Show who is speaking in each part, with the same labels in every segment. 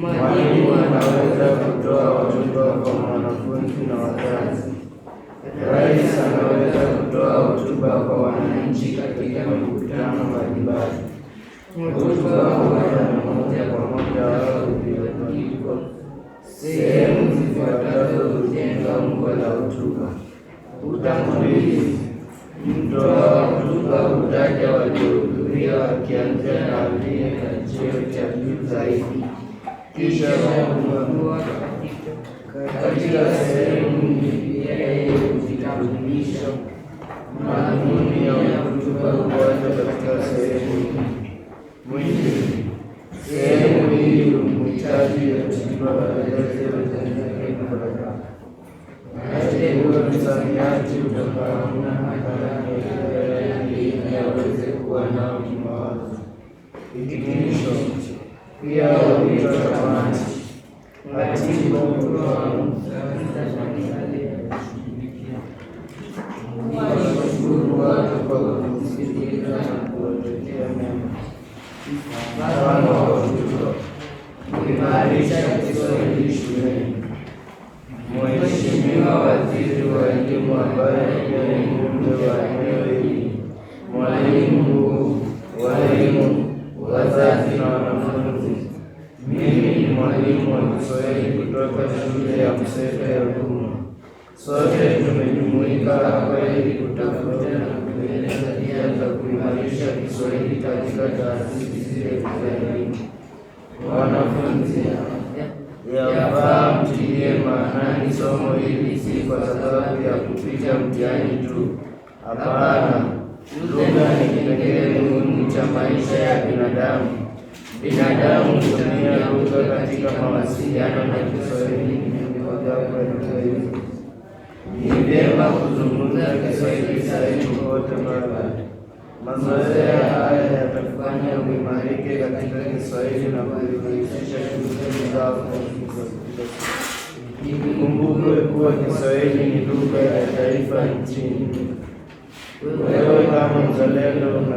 Speaker 1: Mwalimu anaweza kutoa hotuba kwa mwanafunzi na wazazi. Rais anaweza kutoa hotuba kwa wananchi katika mikutano mbalimbali. Hotuba huenda moja kwa moja wao ulioandikwa. Sehemu zifuatazo hujenga umbo la hotuba: utangulizi Mtoa hotuba hutaja waliohudhuria wakianza na aliye na cheo cha juu zaidi, kisha hufafanua katika sehemu yeye huvitambulisha. Madhumuni ya hotuba huanza katika sehemu hii. Mwisho, sehemu hii humhitaji hotuba aeleze utendaji baraka, msamiati utafahamika o anel de moda, e dirige-te, fiel e jamais, a ti bom trono, das manhãs Mas por quanto podemos se livrar na cor de teu nome, para nós, primaris et solis tuem, Moisés, meu adido, animo, agora e em mundo, Kiswahili kutoka shule ya Msefe ya Ruvuma. Sote tumejumuika hapa ili kutafuta na kutengeneza njia za kuimarisha Kiswahili katika taasisi zetu za elimu. Wanafunzi, yafaa mtilie maanani somo hili, si kwa sababu ya kupita mtihani tu. Hapana, lugha ni kipengele muhimu cha maisha ya binadamu. Binadamu hutumia lugha katika mawasiliano na Kiswahili kimekogaaaii. Ni vyema kuzungumza Kiswahili sahihi popote pale. Mazoea haya yatakufanya uimarike katika Kiswahili na kuimarisha shughuli zako. Ikumbukwe kuwa Kiswahili ni lugha ya taifa nchini. Wewe kama mzalendo una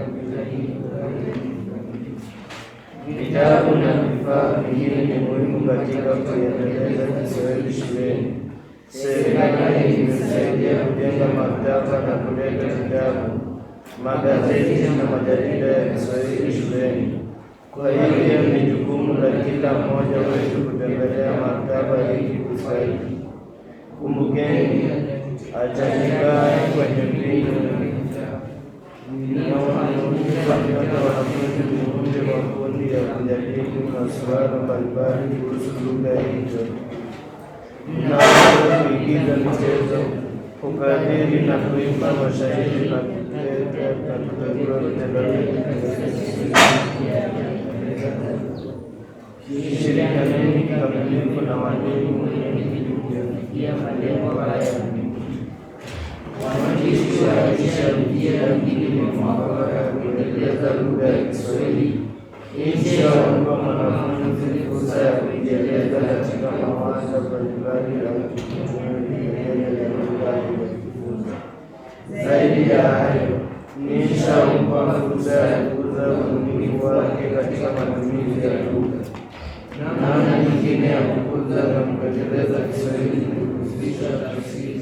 Speaker 1: vitabu na vifaa vingine ni muhimu katika kuendeleza Kiswahili shuleni. Serikali imesaidia kujenga maktaba na kuleta vitabu, magazeti na majarida ya Kiswahili shuleni. Kwa hiyo ni jukumu la kila mmoja wetu kutembelea maktaba ili kufaidi. Kumbukeni, achajikaa kwenye mbinu Shirika lenye kamilifu na walimu wenye bidii ya malengo haya Indonesia, India, Guinea, Makassar, Indonesia, Lubeck, Swahili, Asia, Indonesia, Indonesia, China, Malaysia, Bangladesh, Zaidi insha umma fursa ya kuza umiliki wake katika matumizi ya lugha namna nyingine ya kukuza na kuendeleza Kiswahili ni kuhusisha tafsiri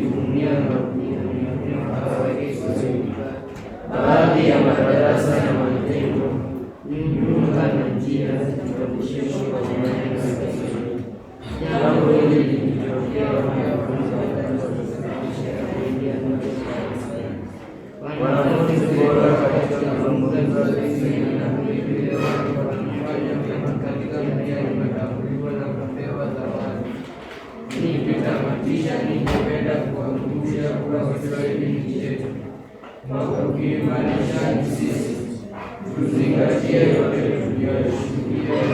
Speaker 1: Kisha ningependa kuwakumbusha kuwa Kiswahili ni chetu, matukio maishani sisi tuzingatie yote tuliyoshuhudia.